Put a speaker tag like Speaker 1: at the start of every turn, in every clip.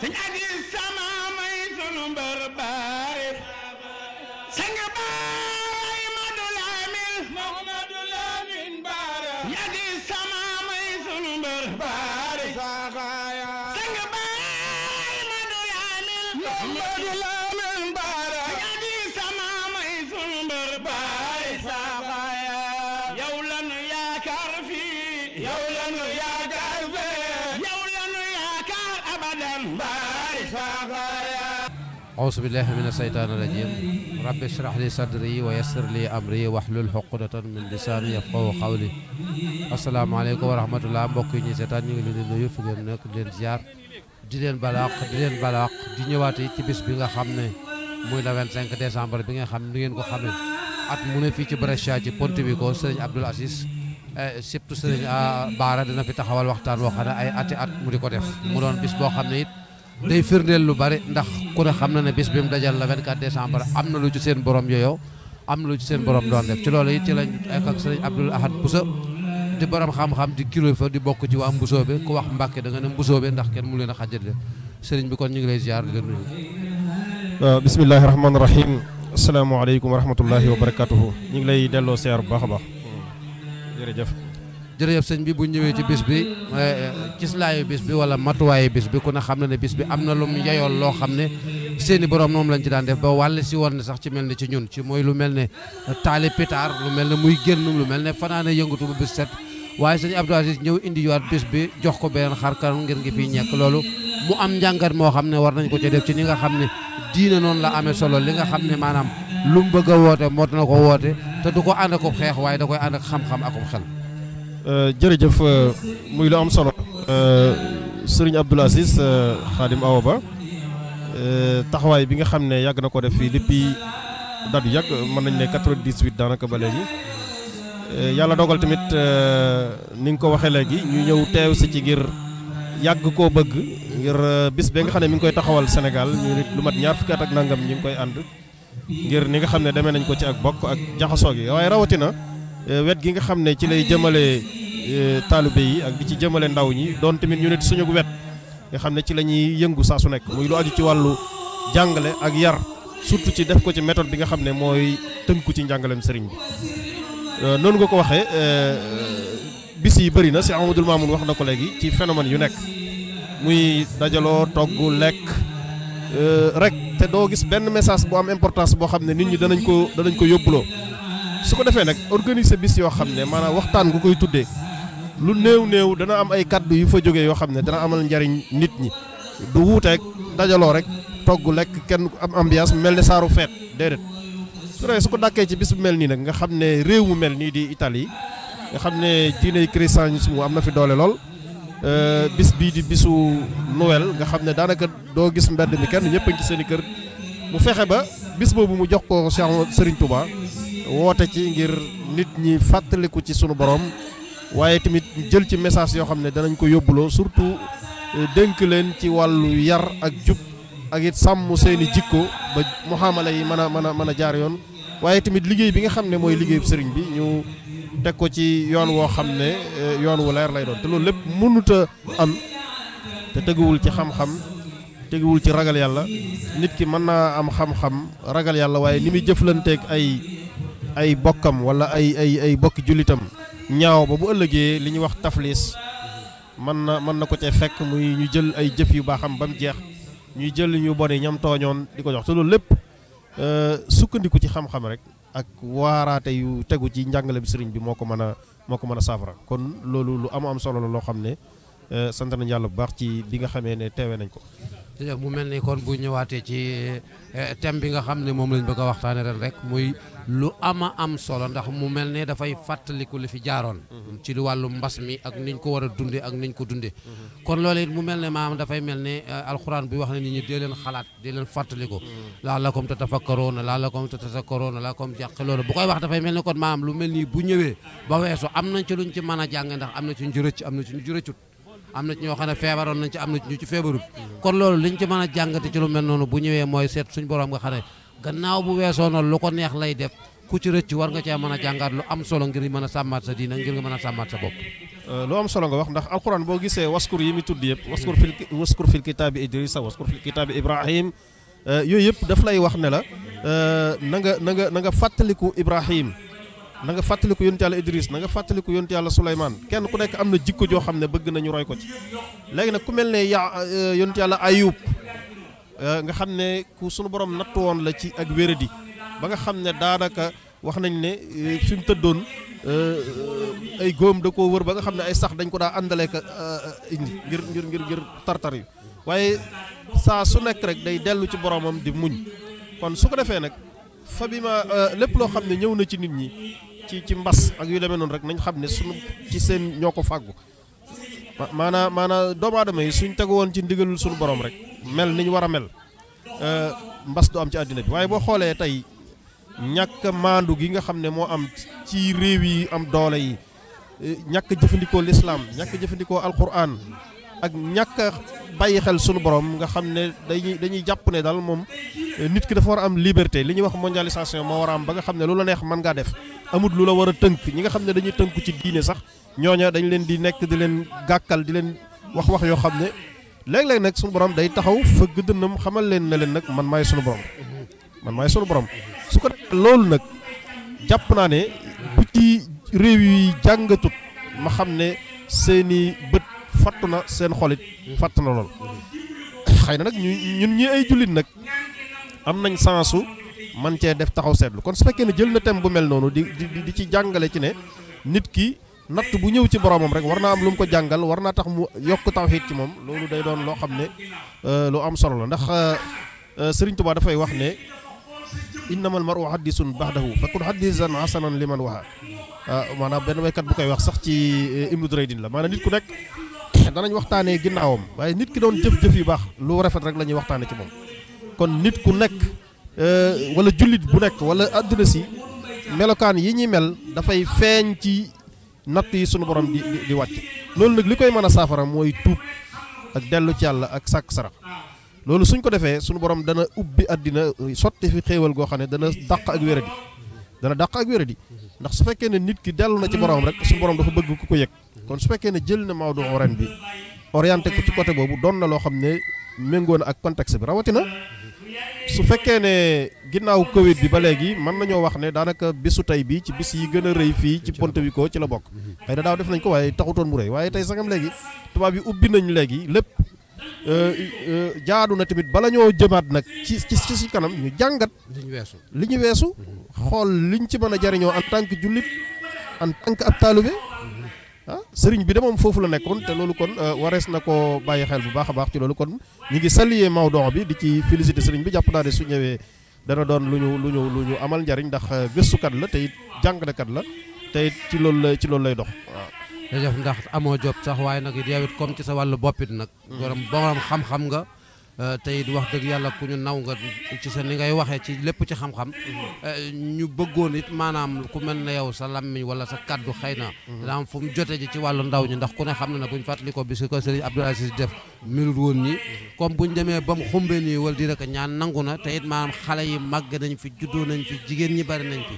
Speaker 1: sëñ Aziz
Speaker 2: aousubillahi min asheytaan irajim rabbi shrah li sadri wa yassir li amri wahlul uqdatan min lisaani yafqahu qawli asalaamaaleykum wa rahmatullah mbokk yi ñu seetaan ñu ngi leen di nuyu fi ngeen nekk leen ziar di leen balaaq di leen balaaq di ñëwaat ci bis bi nga xam ne muy le 25 décembre bi nga xam ne nu ngeen ko xamee at mu ne fii ci Brescia ci Pontevico Sëriñ Abdul Aziz Eh, surtout sëriñ ah, Baara dina fi taxawal waxtaan woo xam ne ay ati at mu di ko def mu doon bis boo xam ne it day firndeel lu bare ndax ku ne xam na ne bis bi mu dajal la 24 décembre am na lu ci seen borom yooyu am na lu ci seen borom doon def ci loolu it ci lañ ak ak sëriñ Abdoul Ahad Bousso di borom xam-xam di kilo fa di bokk ci waa Mbusoobe ku wax mbakke da nga ne Mbusoobe ndax kenn mu leen a xàjjale sëriñ bi kon ñu ngi lay ziar di la nuyu.
Speaker 3: waaw euh, bisimilah rahmaani rahiim asalaamaaleykum wa rahmatullahi wa barakaatuhu ñu ngi lay delloo ziar bu baax a jërëjëf
Speaker 2: jërëjëf sëñ bi bu ñëwee ci bis bi gislaayu eh, bis bi wala matuwaayu bis bi ku ne xam na ne bis bi am na lu mu yeyool loo xam ne seeni borom moom lañ ci daan def ba wàll si woon ne sax ci mel ne ci ñun ci mooy lu mel ne taali pétard lu mel ne muy génn lu mel ne fanaana yëngatu bu bis set waaye sëñ Abdou Aziz ñëw indi yowaat bis bi jox ko beneen xar kanam ngir ngi fiy ñekk loolu mu am njàngat moo xam ne war nañ ko ci def ci ñi nga xam ne diine noonu la amee solo li nga xam ne lu mu bëgg a moo mot na ko woote te du ko ànd ak xeex waaye da koy ànd ak xam-xam ak xel.
Speaker 3: Euh, jërëjëf euh, muy lu am solo. Euh, sëriñ Abdoul Aziz Khadim Awa Ba taxawaay bi nga xam ne yàgg na ko def fii depuis datu yàgg mën nañ ne 98 daanaka ba léegi yàlla dogal tamit ni nga ko waxee léegi ñu ñëw teew si ci ngir yàgg koo bëgg ngir bis bi nga xam ne mi ngi koy taxawal Sénégal lu mat ñaar fukki at ak nangam ñu ngi koy ànd. ngir ni nga xam ne demee nañ ko ci ak bokk ak jaxasoo gi waaye rawatina eh, wet gi nga xam ne ci lay jëmale eh, taalibe yi ak di ci jëmale ndaw ñi doon tamit ñu nit suñu wet nga xam ne ci la ñuy yëngu saa su nekk muy lu aju ci wàllu jàngale ak yar surtout ci def ko ci méthode bi nga xam ne mooy tënku ci njàngaleem sëriñ bi eh, noonu nga ko waxee bis yi bëri na si Amadou Mamoun wax na ko léegi ci phénomène yu nekk muy dajaloo togg lekk Euh, rek te doo gis benn message bu am importance boo xam ne nit ñi danañ ko danañ ko yóbbuloo su ko defee nag organiser bis yoo xam ne maanaa waxtaan gu koy tuddee lu néew néew dana am ay kàddu yu fa jógee yoo xam ne dana amal njariñ nit ñi du wuuteeg dajaloo rek togg lekk kenn am ambiance mel ne saaru feet déedéet su su ko dàkkee ci bis bu mel nii nag nga xam ne réew mu mel nii di itali nga xam ne diiney mu am na fi doole lool Euh, bis bii di bisu Noël nga xam ne daanaka doo gis mbedd mi kenn ñëpp ci seen i kër mu fexe ba bis boobu mu jox ko Cheikh sëriñ Touba woote ci ngir nit ñi fàttaliku ci sunu borom waaye tamit jël ci message yoo xam ne danañ ko yóbbuloo surtout euh, dénk leen ci wàllu yar ak jub ak it sàmm seeni jikko ba muhaamala yi mën a mën a mën a jaar yoon waaye tamit liggéey bi nga xam ne mooy liggéeyu sëriñ bi ñu. teg ko ci yoon woo xam ne eh, yoon wu leer lay doon te loolu lépp mënut a am te teguwul ci xam-xam teguwul ci ragal yàlla nit ki mën naa am xam-xam ragal yàlla waaye ni muy jëflanteeg ay ay bokkam wala ay ay ay bokki jullitam ñaaw ba bu ëllëgee li ñuy wax tafliis mën na mën na ko cee fekk muy ñu jël ay jëf yu baaxam ba jeex ñuy jël ñu bone ñam tooñoon di ko jox te loolu lépp eh, sukkandiku ci xam-xam rek ak waaraate yu tegu ci njàngale bi sëriñ bi moo ko mën a moo ko mën a saafara kon loolu lu am am solo la loo xam ne eh, sant nañu yàlla bu baax ci bi nga xamee ne teewe nañ ko
Speaker 2: mu mel ni kon bu ñëwaatee ci eh, thème bi nga xam ne moom lañ bëgg a waxtaane ren rek muy lu ama am solo ndax mu mel ne dafay fàttaliku li fi jaaroon mhm. ci wàllu mbas mi ak niñ ko war a dunde ak niñ ko dunde mhm. kon loolu it mu mel ne maam dafay mel ne eh, alxuraan bi wax ne nit ñi dee leen xalaat dee leen fàttaliku mhm. la'allakum tatafakkaruuna la'allakum tatazakkaruuna la'allakum taqiluun bu koy wax dafay mel ne kon maam lu mel nii bu ñëwee ba weesu am nañ ci luñ ci mën a jàng ndax am na ci ñu ci rëcc am na ci ñu ci am na ci ñoo xam ne feebaroon nañ ci am na ci ñu ci feebarut kon loolu liñ ci mën a jàngate ci lu mel noonu bu ñëwee mooy seet suñ borom nga xam ne gannaaw bu weesoo lu ko neex lay def ku ci rëcc war nga cee mën a jàngaat lu am solo ngir mën a sàmmaat sa diina ngir nga mën a sàmmaat sa bopp
Speaker 3: euh, lu am solo nga wax ndax alquran boo gisee waskur yi mu tudd yëpp waskur fil waskur fil kitaabi idrisa waskur fil kitaabi ibrahim euh, yooyu yëpp dafa lay wax ne la euh, na nga na nga na nga fàttaliku ibrahim nanga nga fàttaliku yonent yàlla Idris na nga fàttaliku yonent yàlla Souleymane kenn ku nekk am na jikko joo xam ne bëgg nañu roy ko ci léegi nag ku mel ne ya euh, yonent yàlla Ayub euh, nga xam ne ku sunu borom natt woon la ci ak wéradi ba nga xam ne daanaka wax nañ ne euh, fi mu tëddoon ay góom da koo wër ba nga xam ne ay sax dañ ko daa àndalee ka indi ngir ngir ngir ngir tartar yi waaye saa su nekk rek day dellu ci boromam di muñ kon su ko defee nag fa lépp loo xam ne ñëw na ci nit ñi ci ci mbas ak yu demee noonu rek nañ xam ne suñu ci seen ñoo ko fàggu maanaa maanaa doomu aadama yi suñ tegu woon ci ndigalul sunu borom rek mel niñ war a mel euh, mbas du am ci àddina bi waaye boo xoolee tey ñàkk maandu gi nga xam ne moo am ci réew yi am doole yi euh, ñàkk jëfandikoo lislaam ñàkk jëfandikoo alquran ak ñàkk bàyyi xel sunu borom nga xam ne dañuy dañuy jàpp ne daal moom eh, nit ki dafa war a am liberté li ñuy wax mondialisation moo war a am ba nga xam ne lu la neex mën ngaa def amut lu la war a tënk ñi nga xam ne dañuy tënku ci diine sax ñooña dañ leen di nekk di leen gàkkal di leen wax wax yoo xam ne léeg-léeg nag sunu borom day taxaw fëgg dënnam xamal leen ne leen nag man maay sunu borom man maay sunu borom su ko defee loolu nag jàpp naa ne bu ci réew yi jàngatut ma xam ne seeni bët. fatt na seen xolit fatt na lool xëy na nag ñun ñi ay jullit nag am nañ sensu man cee def taxaw seetlu kon su fekkee ne jël na thème bu mel noonu di di di ci jàngale ci ne nit ki natt bu ñëw ci boromam rek war naa am lu mu ko jàngal war naa tax mu yokk tawxiit ci moom loolu day doon loo xam ne euh, lu am solo la ndax euh, euh, Sëriñ Tuubaa dafay wax ne innamal mar'u hadisun ba'dahu fakun hadisan hasanan liman waxa ah, maanaam benn waykat bu koy wax sax ci Ibnu Duraydin la maanaam nit ku nekk danañ waxtaanee ginnaawam waaye nit ki doon jëf-jëf yu baax lu rafet rek la ñuy waxtaane ci moom kon nit ku nekk euh, wala jullit bu nekk wala àddina si melokaan yi ñuy mel dafay feeñ ci natt yi sunu borom di di wàcc loolu nag li koy mën a saafara mooy tuub ak dellu ci yàlla ak sàkk sarax loolu suñ ko defee sunu borom dana ubbi àddina sotti fi xéewal goo xam ne dana dàq ak wéradi dana dàq ak wéradi ndax su fekkee ne nit ki dellu na ci borom rek sunu borom dafa bëgg ku ko yëg kon su fekkee ne jël na Maodo ren bi orienté ko ci côté boobu doon na loo xam ne méngoon ak contexte bi rawatina su fekkee ne ginnaaw Covid bi ba léegi mën nañoo wax ne daanaka bisu tey bi ci bis yi gën a rëy fii ci ponte ko ci la bokk. xëy na daaw def nañ ko waaye taxutoon mu rëy waaye tey sangam léegi tubaab yi ubbi nañ léegi lépp. Euh, euh, jaadu na tamit bala ñoo jëmaat nag ci ci ci kanam ñu jàngat. li ñu weesu li ñu weesu. xool liñ ci mën a jariñoo en tànk ju jullit en tant que ab taalibe ah sëriñ bi de moom foofu la nekkoon te loolu kon euh, warees na ko bàyyi xel bu baax a baax ci loolu kon ñu ngi saluer Maodo bi di ci féliciter sëriñ bi jàpp naa ne su ñëwee dana doon lu ñu lu ñu lu ñu amal njariñ ndax euh, gëstukat la te it jàngalekat la tey ci loolu la ci loolu lay dox waaw. jërëjëf
Speaker 2: ndax amoo job sax waaye nag it yow it comme ci sa wàllu boppit nag. Mm. borom borom xam-xam nga. Euh, tey di wax dëgg yàlla ku ñu naw nga ci sa ni ngay waxee ci lépp ci xam-xam euh, ñu bëggoon it maanaam ku mel na yow sa lammiñ wala sa kàddu xëy na mhm. daa am fu ji ci wàllu ndaw ñi ndax ku ne xam na ne buñ fàttali ko bi si ko sëriñ Abdoul Aziz def mirul woon ñi mhm. comme buñ demee ba mu xumbe nii wala di ko ñaan nangu na te it maanaam xale yi màgg nañ fi juddoo nañ fi jigéen ñi bari nañ fi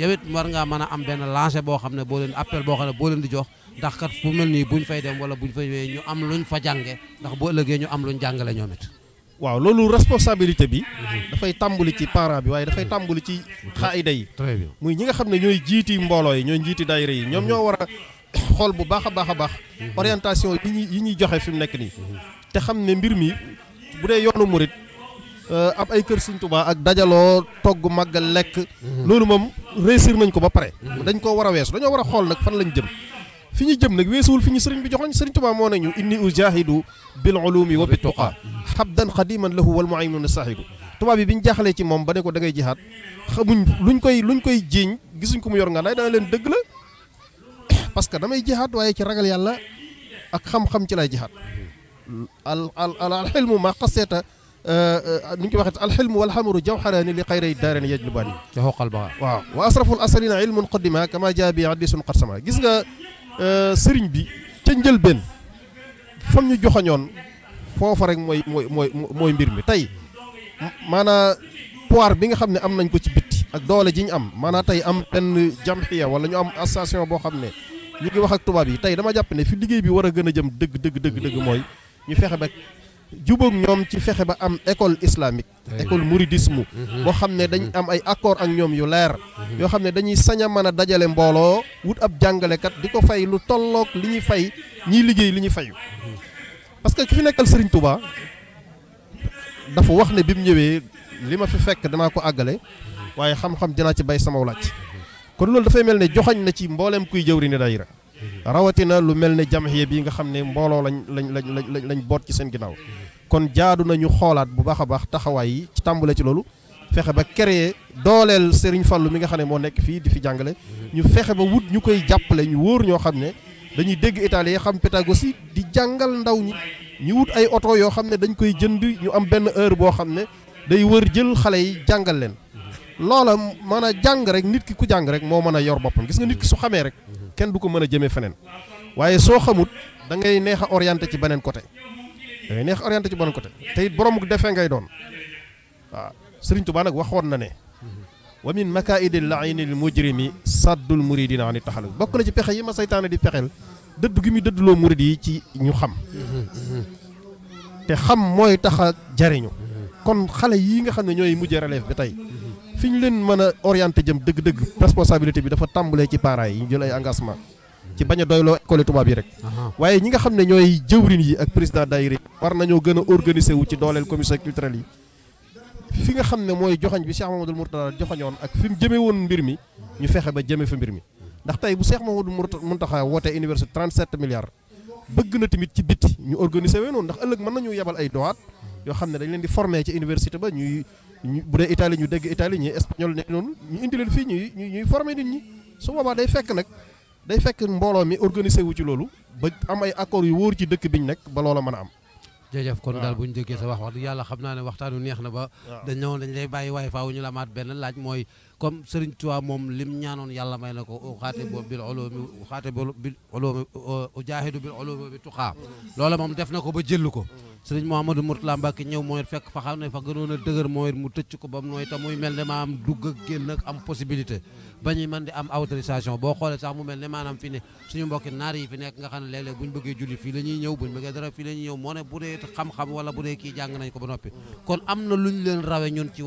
Speaker 2: yow it war ngaa mën a am benn lancé boo xam ne boo leen appel boo xam ne boo leen di jox ndax kat fu mel nii buñ fay dem wala buñ fay ñu am luñ fa jànge ndax bu ëllëgee ñu am luñ jàngale ñoom
Speaker 3: waaw loolu responsabilité bi mhm. dafay tàmbali ci parent bi waaye dafay mhm. tàmbali ci xaayida yi muy ñi nga xam ne ñooy jiiti mbooloo yi ñooy jiiti daayira yi ñoom mhm. ñoo war a xool bu baax a baax a baax orientation yi ñuy joxe fi mu nekk nii te xam ne mbir mi bu dee yoonu murit euh, ab ay kër Sëriñ Tuubaa ak dajaloo togg màggal lekk loolu moom réussir nañ ko ba pare dañ koo war a weesu dañoo war a xool nag fan lañ jëm fi ñu jëm nag weesuwul fi ñu sëriñ bi joxoñ sëriñ Tuubaa moo nañu inni ujahidu bil ulumi wa bituqa habdan qadiman lahu wal muayminu sahidu tubaab bi bi ñu jaaxalee ci moom ba ne ko luñ koy luñ koy jiiñ gisuñ ko mu yor nga lay dana leen dëgg la parce que damay jihaat waaye ci ragal yàlla ak xam-xam ci lay jihaat al al al xilmu ma xaseeta euh, euh, nu ñu koy waxee al xilmu wal xamaru jawxaraani li xayray daareen yajlubaani ca xoqal ba waaw wa asraful asalina ilmun qaddima kama jaa bi hadisun qad sama gis nga Euh, sëriñ bi ca njëlbeen fam ñu joxañoon foofa rek mooy mooy mooy mooy mbir mi tey maanaa pouvoir bi nga xam ne am nañ ko ci bitti ak doole ji ñu am maanaa tey am benn jamxiya wala ñu am association boo xam ne ñu ngi wax ak tubaab yi tey dama jàpp ne fi liggéey bi war a gën a jëm dëgg dëgg dëgg dëgg mooy ñu fexe ba jubóog ñoom ci fexe ba am école islamique école mouridisme mm-hmm. boo xam ne dañ mm-hmm. am ay accord ak ñoom yu leer mm-hmm. yoo xam ne dañuy sañ a mën a dajale mbooloo wut ab jàngalekat di ko fay lu tollook li ñuy fay ñiy liggéey li ñuy fayu parce que ki nekkal Serigne Touba dafa wax ne bi mu ñëwee li ma fi fekk danaa ko àggale waaye xam-xam dinaa ci bay sama laaj kon loolu dafay mel ne joxañ na ci mbooleem kuy jëwri ne rek rawatina lu mel ne jamhiya bi nga xam ne mbooloo lañ lañ lañ lañ lañ boot ci seen ginnaaw kon jaadu nañu xoolaat bu baax a baax taxawaay yi ci tàmbale ci loolu fexe ba créer dooleel sëriñ Fallou mi nga xam ne moo nekk fii di fi jàngale ñu fexe ba wut ñu koy jàppale ñu wóor ñoo xam ne dañuy dégg italien xam pédagogie di jàngal ndaw ñi ñu wut ay oto yoo xam ne dañ koy jënd ñu am benn heure boo xam ne day wër jël xale yi jàngal leen loola mën a jàng rek nit ki ku jàng rek moo mën a yor boppam gis nga nit ki su xamee rek kenn du ko mën a jëmee feneen waaye soo xamut da ngay neex a orienté ci beneen côté da ngay neex a orienté ci beneen côté te it borom defee ngay doon waaw Sëriñ Tuubaa nag waxoon na ne wa min makaidil lainil mujrimi saddul muridina ani taxalu bokk na ci pexe yi ma saytaane di pexeel dëdd gi muy dëdduloo murid yi ci ñu xam te xam mooy taxa jariñu kon xale yii nga xam ne ñooy mujj relève bi tey fi ñu leen mën a orienté jëm dëgg-dëgg responsabilité bi dafa tàmbalee ci parents yi ñu jël ay engagement ci bañ a doyloo école tubaab yi rek waaye ñi nga xam ne ñooy jëwrin yi ak président daayira war nañoo gën a organiser wu ci dooleel commission culturelle yi fi nga xam ne mooy joxañ bi Cheikh Mamadou Mourtada joxañoon ak fi mu jëme woon mbir mi ñu fexe ba jëme fa mbir mi ndax tey bu Cheikh Mamadou Mountakha wootee université 37 milliards bëgg na tamit ci biti ñu organiser wee ndax ëllëg mën nañu yebal ay dowaat yoo xam ne dañ leen di former ci université ba ñuy bu dee Italie ñu dégg Italie ñuy espagnol nekk noonu ñu indi leen fii ñuy ñuy former nit ñi su boobaa day fekk nag day fekk mbooloo mi organisé wu ci loolu ba am ay accords yu wóor ci dëkk biñ nekk ba loola mën a am.
Speaker 2: jërëjëf kon daal bu ñu déggee sa wax wax dëgg yàlla xam naa ne waxtaanu neex na ba. dañ ne woon dañ bàyyi waaye faaw ñu la at benn laaj mooy comme Serigne Touba moom lim ñaanoon yàlla may na ko u xaate bo bil ulumi u xaate bo bil ulumi u jaahidu bil ulumi bi tuqaa loola moom def na ko ba jëllu ko Serigne Mouhamadou Mourtala a dëgër mu dugg génn ak am possibilité ba ñuy di am autorisation boo xoolee sax mu mel ne maanaam fi ne suñu mbokki naar yi fi nekk nga xam ne buñ bëggee julli fii ñuy ñëw buñ bëggee dara fii ñëw moo ne bu dee xam-xam wala bu dee kii jàng nañ ko ba noppi kon am na luñ leen rawe ñun ci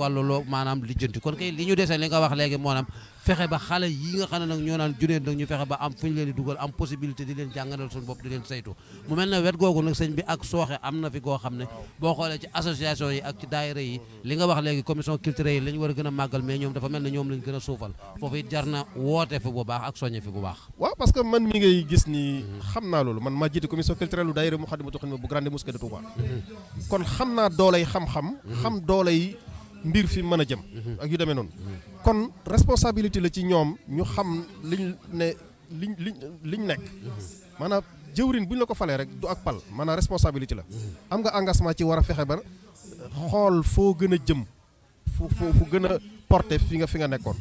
Speaker 2: nga wax léegi moo am fexe ba xale yi nga xam nag ñoo naan juneen nag ñu fexe ba am fu ñu leen dugal am possibilité di leen jàngalal suñu bopp di leen saytu mu mel ne wet googu nag sëñ bi ak sooxe am na fi goo xam ne boo xoolee ci association yi ak ci daayira yi li nga wax léegi commission culturelle yi la war a gën a màggal mais ñoom dafa mel ne ñoom lañ gën a suufal foofu it jar woote fi bu baax ak soññe fi bu
Speaker 3: baax waaw parce que man mi ngay gis mbir fi mën a jëm ak yu demee noonu kon responsabilité la ci ñoom ñu xam liñ ne liñ li ñu nekk maanaam jëwrin bu ñu la ko falee rek du ak pal maanaam responsabilité la am nga engagement ci war a fexe ba xool foo gën a jëm fu fu gën a porté fi nga fi nga nekkoon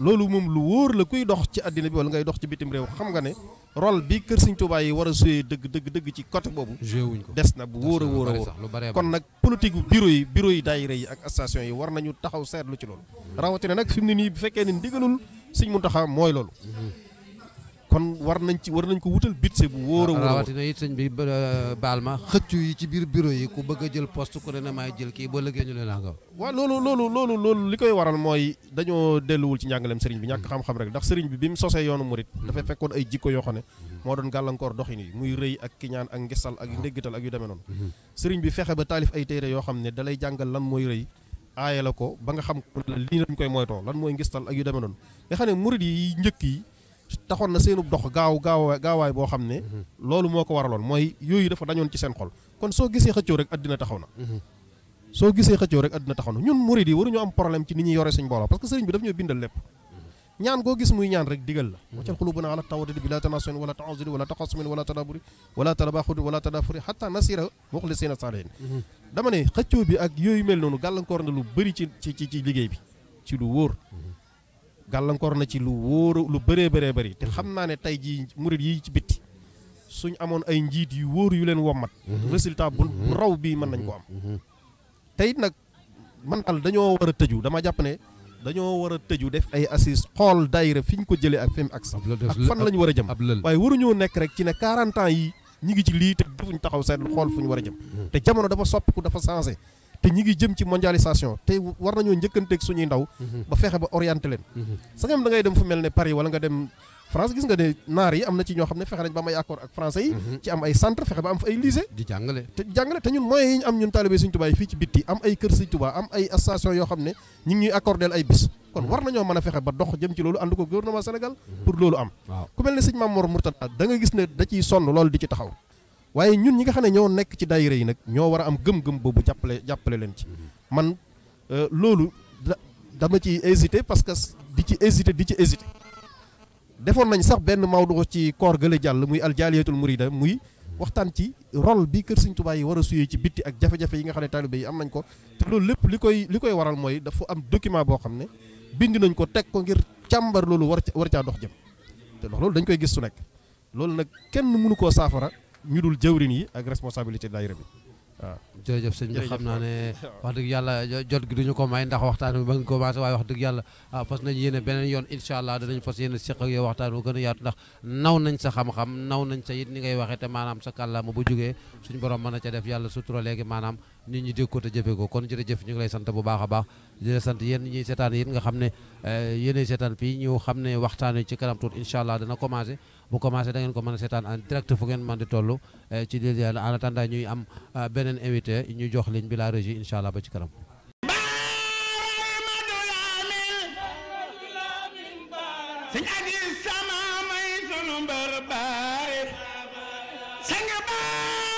Speaker 3: loolu moom lu wóor la kuy dox ci àddina bi wala ngay dox ci bitim réew xam nga ne rôle bi kër Sëñ Tuubaa yi war a joué dëgg dëgg dëgg ci côté boobu des na bu wóor a wóor a wóor kon nag politique bu bureau yi bureau yi daayira yi ak association yi war nañu taxaw seetlu ci loolu mm-hmm. rawatina nag fi mu ne bu fekkee ne ndigalul Sëñ Muntaxa mooy loolu mm-hmm. kon war nañ ci war nañ ko wutal budget bu
Speaker 2: wóor a wóor rawatina it sëñ bi euh, baal ma xëccu yi ci biir bureau yi ku bëgg a jël poste ku ne na maay jël kii boo lëggee ñu ne a nga
Speaker 3: waaw loolu loolu li koy waral mooy dañoo delluwul ci njàngaleem sëriñ bi ñàkk mm. xam-xam rek ndax sëriñ bi bi mu sosee yoonu murit mm. dafay fekkoon ay jikko yoo xam ne moo doon gàllankoor doxin yi muy rëy ak kiñaan ak ngisal ak mm. ndéggital ak yu demee noonu mm-hmm. sëriñ bi fexe ba taalif ay téere yoo xam ne dalay jàngal lan mooy rëy la ko ba nga xam lii lañ koy moytoo lan mooy ngistal ak yu demee noonu nga njëkk yi taxoon na seenub dox gaaw gaaw gaawaay boo xam ne mhm. loolu moo ko waraloon mooy yooyu dafa dañoon ci seen xol kon soo gisee xëccoo rek addina taxaw na mhm. soo gisee xëccoo rek addina taxaw na ñun murid yi waruñu am problème ci ni ñuy yore suñ booloo parce que sëriñ bi daf ñoo bindal lépp mhm. ñaan goo gis muy ñaan rek digal la waccal xulubuna ala tawadudi bi la tanasuin wala taasudi wala taqasumin wala tadaburi wala tadabaxudi wala tadafuri xata nasira muxlisina saalihin dama ne xëccoo bi gàllankoor na ci lu wóor lu bëree bëree bëri te xam naa ne tey jii murit yi ci bitti suñ amoon ay njiit yu wóor yu leen wommat mhm. résultat bu mhm. raw bii mën nañ ko am mhm. te nag man daal dañoo war a tëju dama jàpp ne dañoo war a tëju def ay assise xool daayira fi ñu ko jëlee ak fi mu ak sax ak fan la ñu war a jëm waaye waruñoo nekk rek ci ne 40 ans yi ñu ngi ci lii te defuñ taxaw seetlu xool fu ñu war a jëm te jamono dafa soppiku dafa changé te ñi ngi jëm ci mondialisation te war nañoo njëkkanteeg suñuy ndaw. Mhm. ba fexe ba orienté leen. Mhm. sa ngam da ngay dem fu mel ne Paris wala nga dem. France gis nga ne naar yi am na ci ñoo xam ne fexe nañ ba am ay mhm. am ay centre fexe ba am fa ay lycée di jàngale te am ñun taalibé Sëñ Tuubaa fii ci bitti am ay kër Sëñ Tuubaa am ay association yoo xam ne ñu ngi accordel ay bis kon war nañoo mën a fexe ba dox jëm ci loolu ànd ko gouvernement Sénégal pour loolu am ku mel ne sëñ Mamour Mourtada da nga gis ne da ciy sonn loolu di ci taxaw waaye ñun ñi nga xam ne ñoo nekk ci daayira yi nag ñoo war a am gëm-gëm boobu jàppale jàppale leen ci mm-hmm. man euh, loolu dama ci hésité parce que di ci hésité di ci hésité defoon nañ sax benn mawdu ci koor gële jàll muy aljaaliyatul murida muy waxtaan ci rôle bi kër Sëñ Tuubaa yi war a suyee ci bitti ak jafe-jafe yi nga xam ne taalibe yi am nañ ko te loolu lépp li koy li koy waral mooy dafa am document boo xam ne bind nañ ko teg ko ngir càmbar loolu war war caa dox jëm te dox dañ koy gis su loolu nag kenn mënu koo saafara ñu dul jëwrin yi ak responsabilité daayira bi waaw jërëjëf sëñ bi xam naa
Speaker 2: ne wax dëgg yàlla jot gi duñu ko may ndax waxtaan bi ba nga commencé waaye wax dëgg yàlla ah, fas nañ yéene beneen yoon incha allah danañ fas yéene siq ak yow waxtaan bu gën a xam naw nañ sa it waxee te maanaam sa kàllaama bu jógee suñu borom mën a ca def yàlla sutura léegi maanaam nit ñi dégg ko te jëfe ko kon jërëjëf ñu ngi lay sant bu baax a yéen ñuy seetaan nga xam ne eh, yéenay seetaan fii ñu xam ne waxtaan ci kanam tuut incha allah dana commencé bu commencé da ngeen ko mën a seetaan en direct fu ngeen man di toll eh, ci dil yàlla en attendant ñuy am eh, beneen invité ñu jox liñ bi la régie incha allah ba ci kanam
Speaker 1: sëñ adi sama may sunu mbër baare